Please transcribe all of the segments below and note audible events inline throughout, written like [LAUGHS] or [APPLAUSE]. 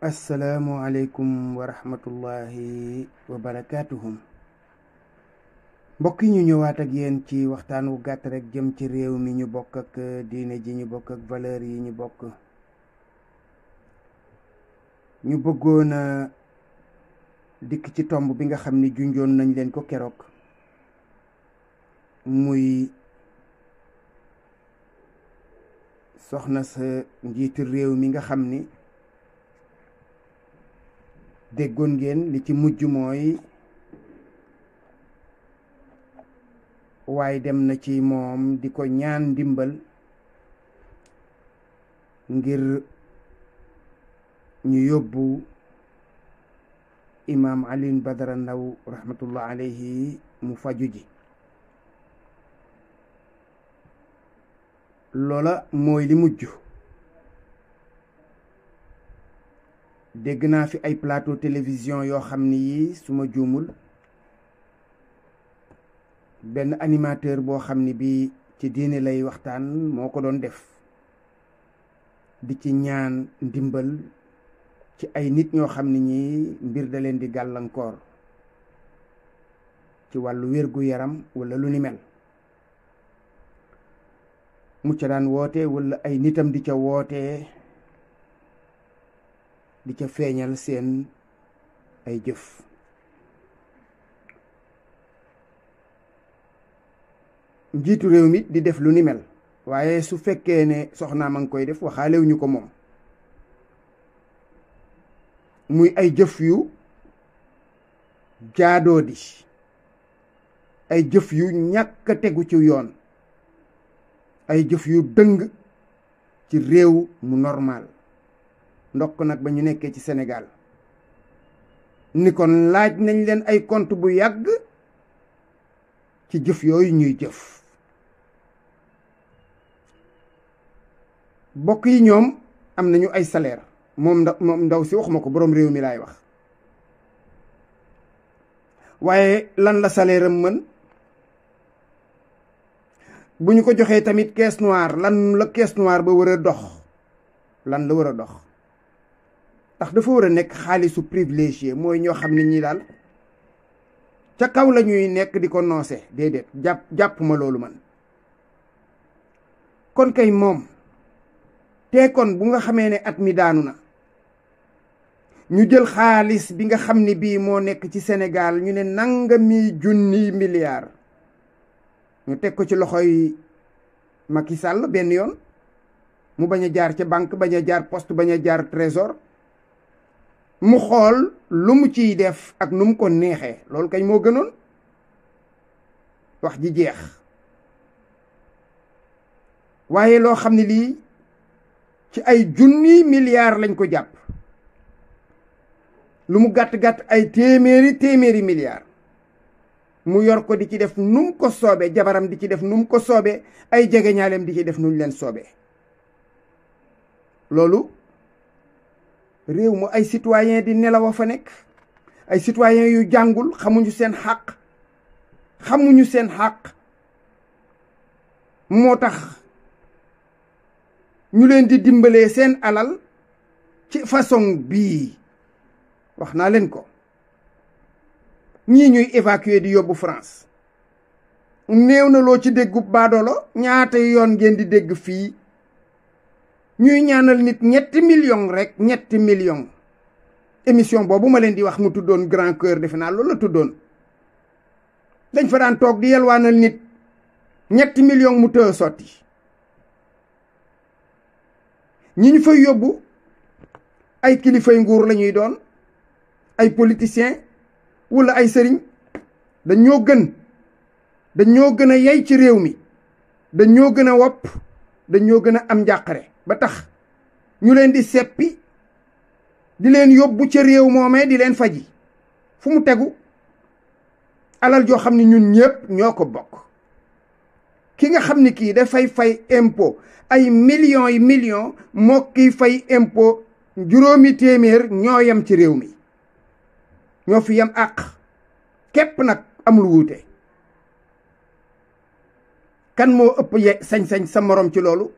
asalaamualeykum wa rahmatullahi wa barakaatuhum mbokk yi ñu ñëwaat ak yéen ci waxtaan wu gàtt rek jëm ci réew mi ñu bokk ak uh, diine ji ñu bokk ak valeur yi ñu bokk ñu bëggoon dikk ci tomb bi nga xam ni junjoon nañ leen ko keroog muy soxna sa njiitu réew mi nga xam ni déggoon ngeen li ci mujj mooy waaye dem na ci moom di ko ñaan ndimbal ngir ñu yóbbu imaam Alioune Badara Ndao rahmatullah alayhi mu faju ji loola mooy li mujj dégg naa fi ay plateau télévision yoo xam ni yi suma juumul benn animateur boo xam ni bii ci diine lay waxtaan moo ko doon def di ci ñaan ndimbal ci ay nit ñoo xam ne ñii mbir da leen di gàllankoor ci wàllu wér-gu-yaram walla lu ni mel mu ca daan woote walla ay nitam di ca woote di ca feeñal seen ay jëf njiitu réew mi di def lu ni mel waaye su fekkee ne soxnaam a ngi koy def waxaalew ñu ko moom muy ay jëf yu jaadoo di ay jëf yu ñàkk a tegu ci yoon ay jëf yu dëng ci réew mu normal ndokk nak ba ñu nekkee ci Sénégal ni kon laaj nañ leen ay compte bu yàgg ci jëf ñuy jëf bokk yi ñoom am nañu ay salaire mom ndaw moom ndaw si waxuma ko boroom réew mi laay wax waaye lan la salaire am mën bu ñu ko joxee tamit caisse noire lan la caisse noire ba war dox lan la war a dox Tak dafa war a nekk privilégié mooy ñoo xam ne ñi daal ca kaw la ñuy nekk di ko noose déedéet ma man kon kay mom te kon bu nga xamee at mi daanu na ñu jël xaalis bi nga xam ne bii moo ci Sénégal ñu ne nangami junni milliard ñu teg ko ci loxoy Macky Sall benn yoon mu bañ jaar ca banque jaar poste jaar trésor mu xool lu mu ciy def ak nu mu ko neexee loolu kañ moo gënoon wax ji jeex waaye loo xam ne lii ci ay junni milliard lañ ko jàpp lu mu gàtt-gàtt ay téeméeri téeméeri milliard mu yor ko di ci def num ko jabaram di ci def num ko dikidef ay jegeñaaleem di ci def nuñ leen loolu réew mi ay citoyen di nelaw a fa nekk ay citoyen yu jàngul xamuñu seen xàq xamuñu seen xàq moo tax ñu leen di dimbalee seen alal ci façon bii wax naa leen ko ñii ñuy évacuer di yóbbu France néew na loo ci déggu baadoolo ñaata yoon ngeen di dégg fii ñuy ñaanal nit ñetti million rekk ñetti million émission boobu ma leen di wax mu tuddoon grand cœur defe naa loolu la tuddoon dañ fa daan toog di yelwaanal nit ñetti million mu tëë sotti ñi ñu fay yóbbu ay kilifay nguur lañuy doon ay politiciens wala ay sëriñ dañoo gën dañ ñoo gën a yey ci réew mi dañ ñoo gën a wopp dañ ñoo gën a am njàqare ba tax ñu leen di seppi di leen yobbu ci réew momé di leen faji fu mu teggu alal joo xamni ñun ñepp ñoko bok ki nga xamni ki da fay fay impo ay millions yi millions mo ki fay impo juromi témèr ñoo yem ci réew mi ño fi yam ak kep nak amul wuté kan moo ëpp sañ-sañ sa morom ci lolu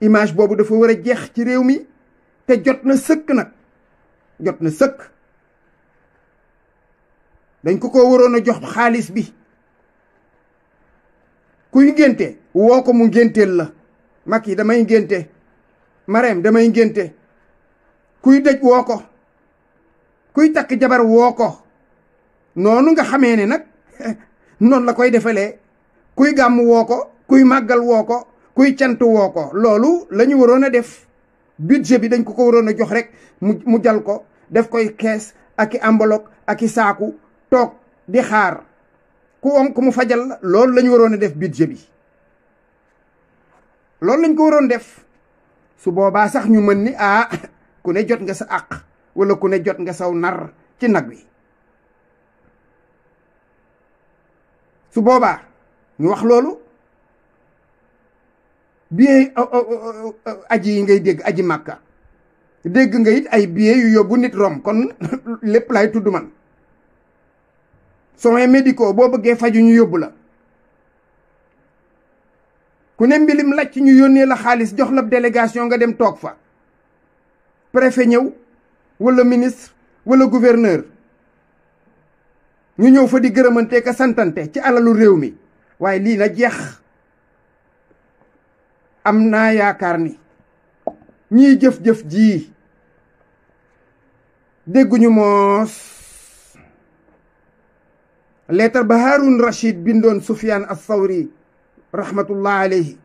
image boobu dafa war a jeex ci réew mi te jot na sëkk nag jot na sëkk dañ ko ko waroon a jox xaalis bi kuy ngénte woo ko mu ngénteel la mag yi damay ngénte mareem damay ngénte kuy dëj woo ko kuy takk jabar woo ko noonu nga xamee ne nag [LAUGHS] noonu la koy defalee kuy gàmm woo ko kuy màggal woo ko kuy cant woo ko loolu la ñu waroon a def budget bi dañ ko ko waroon a jox rek mu jal ko def koy kees ak i enveloppe ak i saaku toog di xaar ku onk mu fajal loolu lañu waroon a def budget bi loolu lañ ko waroon def su boobaa sax ñu mën ni ah ku ne jot nga sa àq wala ku ne jot nga saw nar ci nag wi su boobaa ñu wax loolu biye oh, oh, oh, aji ngay deg aji makka deg nga it ay biye yu yobu nit rom kon lepp [LAUGHS] lay tuddu man soins médicaux bo beugé faju ñu yóbbu la ku ne mbilim lacc ñu yónnee la xaliss jox la délégation nga dem tok fa préfet ñew wala ministre wala gouverneur ñu ñew fa di gërëmante ka santante ci alalu réew mi waye li na jeex am naa yaakaar ni ñiy jëf-jëf jii dégguñu moos leetar ba Haarun Rachid bindoon Sufyaan as-Sawri rahmatullah alayhi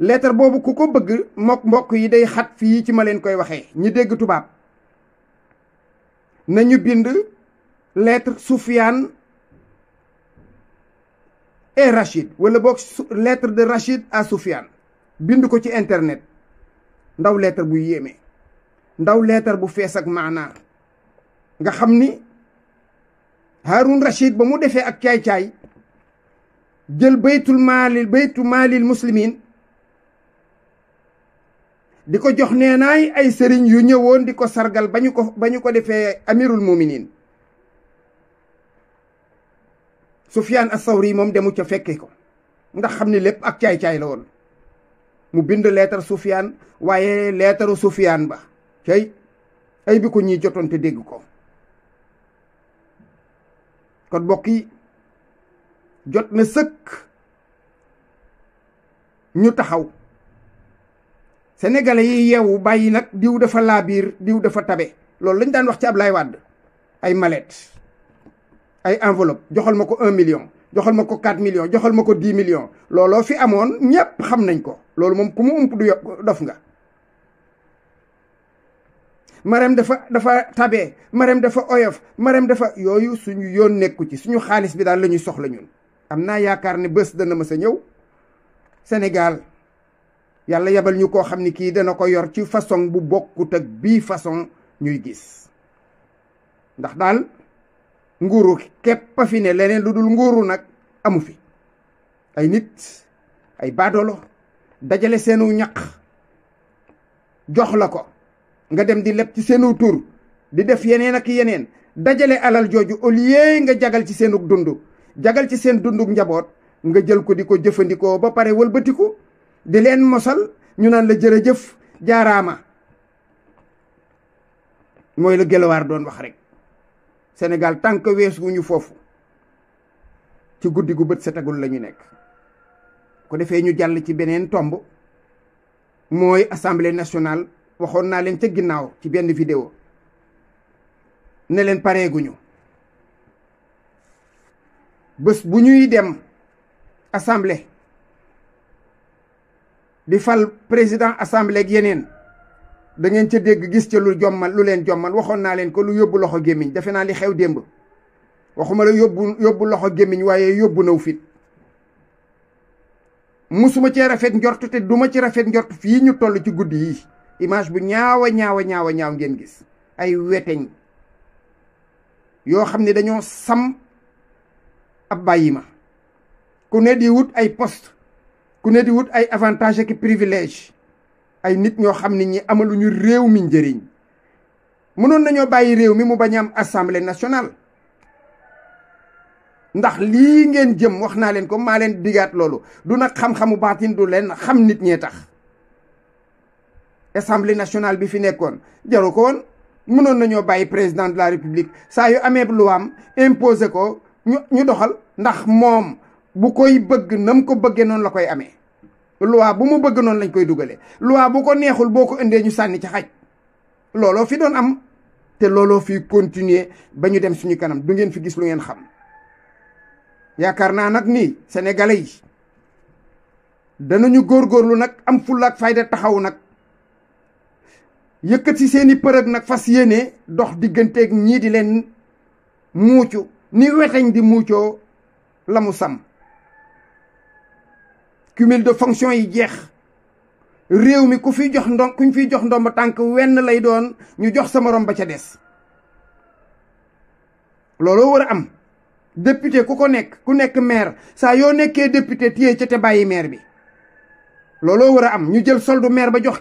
leetar boobu ku ko bëgg mook mbokk yi day xat fii ci ma leen koy waxee ñi dégg tubaab nañu bind leetar Sufyaan et Rachid wala boog lettre de Rachid à Soufiane bind ko ci internet ndaw lettre bu yéeme ndaw lettre bu fees ak maanaa nga xam ni Haroun Rachid ba mu defee ak caay-caay jël baytul maalil baytu maalil muslimin di ko jox nee ay sëriñ yu ñëwoon di ko sargal ba ko ba ko defee amirul muminin Sufyaan as-Sawri moom demu ca fekke ko ndax xam ne lépp ak caay-caay la woon mu bind leetar Sufyaan waaye leetaru Sufyaan ba cay ay bi ko ñii jotoon te dégg ko kon mbokk yi jot na sëkk ñu taxaw sénégalais yi yeewu bàyyi nag diw dafa laabiir diw dafa tabe loolu lañ daan wax ci lay Wade ay malet ay enveloppe joxal mako 1 million joxal mako 4 million joxal mako 10 million lolo fi amone ñepp xam nañ ko lolo mom kumu mu ump du dof nga marem dafa dafa tabé marem dafa oyof marem dafa yoyu suñu yon nekku ci suñu xaliss bi daal la soxla ñun am yaakar ni bëss dana ma sa sénégal yalla yabal ñu ko xamni ki dana ko yor ci façon bu bokku tak bi façon ñuy gis ndax daal nguru kep fi ne leneen ludul nguru nak amu fi ay nit ay badolo dajale senu ñak jox la ko nga dem di lepp ci senu tour di def yeneen ak yeneen dajale alal joju au lieu nga jagal ci senu dundu jagal ci sen dunduk njabot nga jël ko diko ko ba paré wëlbatiku di len mosal ñu nan la jërëjëf jaaraama mooy doon wax rek Sénégal tant que wees wuñu foofu ci guddi gu bët setagul la ñu nekk ko defee ñu jàll ci beneen tomb mooy assemblée nationale waxoon naa leen ca ginnaaw ci benn vidéo ne leen pareeguñu bës bu ñuy dem assamble di fal président assemblée yeneen dangeen ngeen ca dégg gis ca lu jommal lu leen jommal waxoon naa leen ko lu yóbbu loxo gémmiñ defe naa li xew démb waxuma la yóbbu yóbbu loxo gémmiñ waaye yóbbu naw fit musuma cee rafet njort te duma ci rafet njort fii ñu toll ci guddi yi image bu ñaawa ñaawa ñaawa ñaaw ngeen gis ay weteñ yoo xam ne dañoo sam ab bàyyi ma ku ne di wut ay post ku ne di wut ay avantage ak privilège ay nit ñoo xam ne ñi amaluñu réew mi njëriñ mënoon nañoo bàyyi réew mi mu bañ am assemblée nationale ndax lii ngeen jëm wax naa leen ko maa leen digaat loolu du nag xam-xamu baatin du leen xam nit ñee tax assemblée nationale bi fi nekkoon jaru ko woon mënoon nañoo bàyyi président de la république saa yu amee lu am imposé ko ñu ñu doxal ndax moom bu koy bëgg nam ko bëggee noonu la koy amee loi bu mu bëgg noonu lañ koy dugalee loi bu ko neexul boo ko indee ñu sànni ci xaj looloo fi doon am te looloo fii continuer ba ñu dem suñu kanam du ngeen fi gis lu ngeen xam yaakaar naa nag nii sénégalais yi góor góorlu nag am fulla ak fayda taxaw nag yëkkati seeni përëg nag fas yéene dox digganteek ñii di leen muucu ni weteñ di muucoo lamu mu sàmm cumul de fonction yi jeex réew mi ku fi jox ndom kuñ fi jox tank wenn lay doon ñu jox sa morom député ku ko ku maire sa député téye ci té de maire bi lolo wara maire ba jox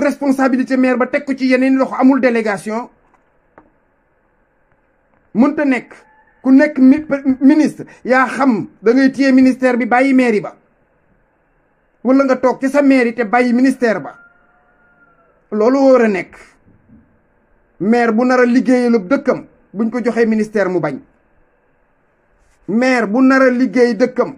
responsabilité maire ba tek ko ci délégation ku nekk ministre yaa xam da ngay téye ministère bi bàyyi mairie ba wala nga toog ci sa mairie te bàyyi ministère ba loolu wër a nekk maire bu nar a liggéeyalu dëkkam buñ ko joxee ministère mu bañ maire bu nar a liggéey dëkkam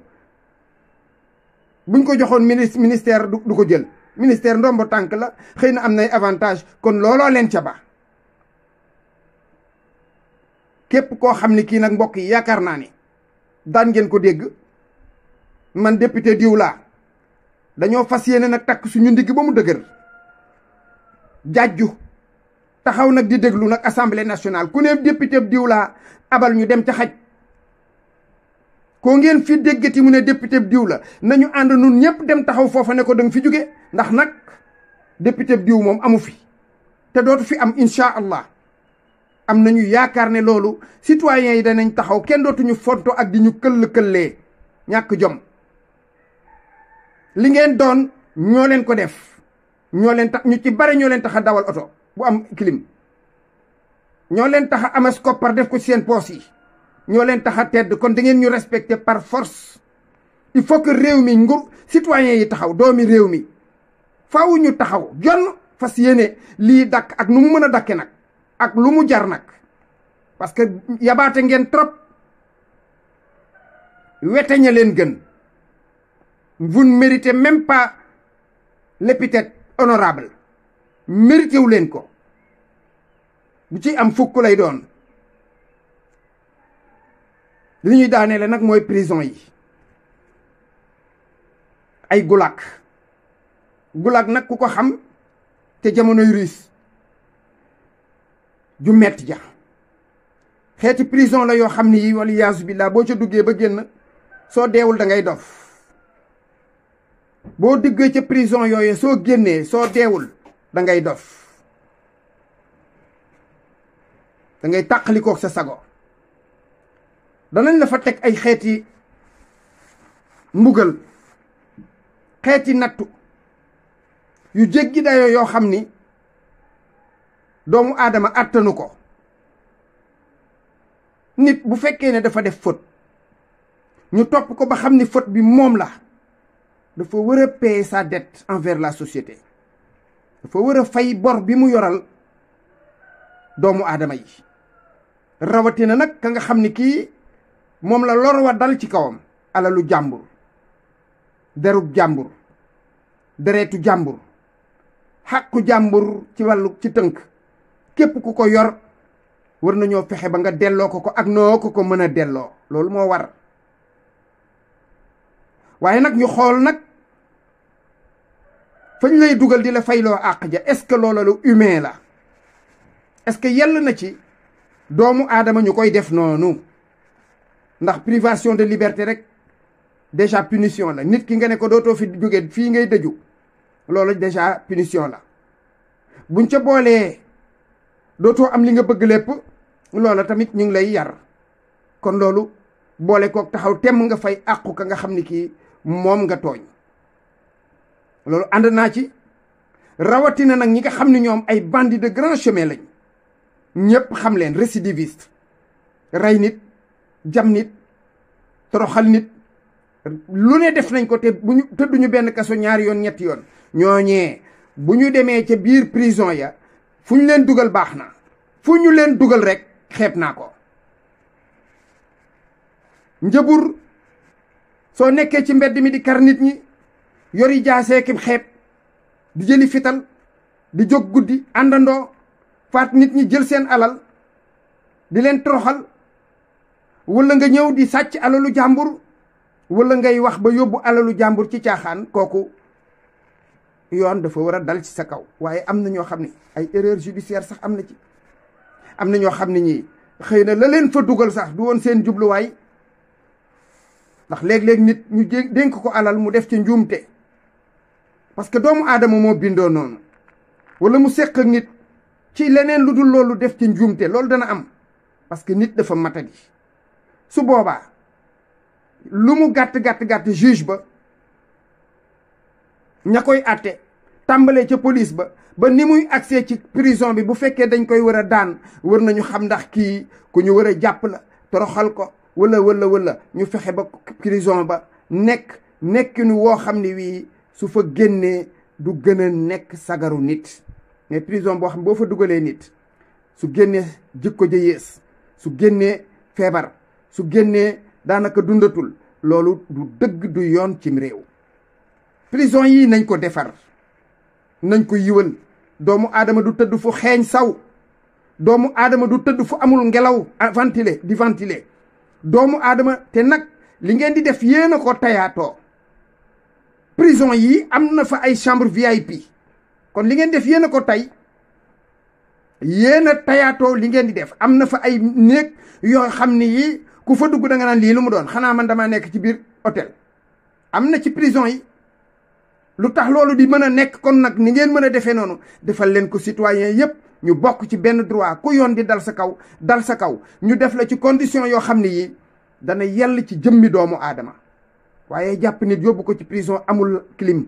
buñ ko joxoon ministère du ko jël ministère ndombo tànk la xëy na am nay avantage kon looloo leen ca ba képp koo xam ne kii nag mbokk yi yaakaar naa ne daan ngeen ko dégg man député diw laa dañoo fas yéene nag takk suñu ndigg ba mu dëgër jàjju taxaw nag di déglu nag assemblée nationale ku ne député diw laa abal ñu dem ca xaj koo ngeen fi déggati mu ne député diw la nañu ànd nun dem taxaw foofa ne ko danga fi jóge ndax nag député diw moom amu fi te dootu fi am incha allah am nañu yaakaar ne loolu citoyens yi danañ taxaw kenn dootuñu fonto ak di ñu këll-këllee ñàkk jom li ngeen doon ñoo leen ko def ñoo leen tax ñu ci bare ñoo leen tax a dawal oto bu am clim ñoo leen tax a amas koppar def ko seen poos yi ñoo leen tax tedd kon da ngeen ñu respecté par force il faut que réew mi ngur citoyens yi taxaw doomi réew mi faaw ñu taxaw jonn fas yéene lii dakk ak nu mu mën a dakke nag ak lu mu jar nag parce que yabaate ngeen trop wete leen gën vous ne méritez même pas l'épithète honorable mérité wu leen ko bu ci am fukk lay doon li ñuy daaneele nag mooy prison yi ay gulag gulag nag ku ko xam te jamonoy ruus ju metti ja xeeti prison la yoo xam ni yi wala yaasu billaa boo ca duggee ba génn soo deewul da ngay dof boo duggee ca prison yooyu soo génnee soo deewul dangay dof dangay ngay tàqalikook sa sago danañ la fa teg ay xeeti mbugal xeeti nattu yu jéggi dayoo yoo xam ni doomu aadama àttanu ko nit bu fekkee ne dafa def faute ñu topp ko ba xam ni faute bi moom la dafa war a payer sa dette envers la société dafa war a fay bor bi mu yoral doomu aadama yi rawatina nag ka nga xam ni kii moom la lor wa dal ci kawam alalu jàmbur derub jàmbur deretu jàmbur xàqu jàmbur ci wàllu ci tënk képp ku ko yor war nañoo fexe ba nga delloo ko ko ak noo ko ko mën a delloo loolu moo war waaye nag ñu xool nag fañ lay dugal di la fayloo àq ja est-ce que loola lu humain la est-ce que yell na ci doomu aadama ñu koy def noonu ndax privation de liberté rek déjà punition la nit ki nga ne ko dootoo fi jóge fii ngay dëju loolu déjà punition la buñ ca boolee dootoo am li nga bëgg lépp loola tamit ñu ngi lay yar kon loolu boole kook taxaw temm nga fay àqu ka nga xam ni kii moom nga tooñ loolu ànd naa ci rawatina nag ñi nga xam ni ñoom ay bandits de grand chemin lañ ñëpp xam leen récidiviste ray nit jam nit toroxal nit lu ne def nañ ko te bu ñu tëdduñu benn kaso ñaari yoon ñetti yoon ñooñee bu ñu demee ca biir prison ya fuñ leen dugal baax na ñu leen dugal rek xeeb naa ko njëbur soo nekkee ci mbedd mi di kar nit ñi yori jaasee ki xeeb di jëli fital di jóg guddi àndandoo faat nit ñi jël seen alal di leen toroxal wala nga ñëw di sàcc alalu jàmbur wala ngay wax ba yóbbu alalu jàmbur ci caaxaan kooku yoon dafa war a dal ci sa kaw waaye am na ñoo xam ne ay erreur judiciaire sax am na ci am na ñoo xam ne ñii xëy na la leen fa dugal sax du woon seen jubluwaay ndax léeg-léeg nit ñu dénk ko alal mu def ci njuumte parce que doomu aadama moo bindoo noonu wala mu seq ak nit ci leneen lu dul loolu def ci njuumte loolu dana am parce que nit dafa matadi su boobaa lu mu gàtt gàtt gàtt juge ba ña koy atte tàmbalee ca polise ba ba ni muy accès ci prison bi bu fekkee dañ koy war a daan war nañu xam ndax kii ku ñu war a jàpp la toroxal ko wala wala wala ñu fexe ba prison ba nekk nekkinu woo xam ni wii su fa génnee du gën a nekk sagaru nit mais prison boo xam boo fa dugalee nit su génnee jikko ja yées su génnee feebar su génnee daanaka dundatul loolu du dëgg du yoon cim réew prison yi nañ ko defar nañ ko yiwal doomu aadama du tëdd fu xeeñ saw doomu aadama du tëdd fu amul ngelaw ventilé di ventilé doomu aadama te nag li ngeen di def yéen a ko tayaatoo am na fa ay chambre VIP kon li ngeen def yéen a ko tay yéen a tayaatoo li ngeen di def am na fa ay néeg yoo xam ni yi ku fa dugg da nga naan lii lu mu doon xanaa man damaa nekk ci biir hôtel am na ci prison yi lu tax loolu di mën a nekk kon nag ni ngeen mën a defee noonu defal leen ko citoyen yépp ñu bokk ci benn droit ku yoon di dal sa kaw dal sa kaw ñu def la ci condition yoo xam ne yi dana yell ci jëmmi doomu aadama waaye jàpp nit yóbbu ko ci prison amul clim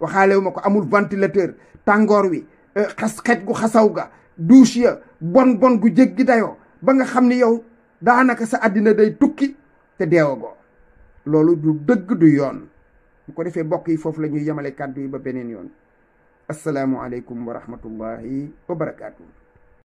waxaalewu ma ko amul ventilateur tàngoor wi euh, xas xet gu xasaw ga douche ya bon bon gu jéggi dayoo ba nga xam ni yow daanaka sa àddina day tukki te deewagoo loolu du dëgg du yoon bu ko defee mbokk yi foofu la ñuy yemale kàddu yi ba beneen yoon asalaamualeykum wa rahmatullahi wa barakaatu.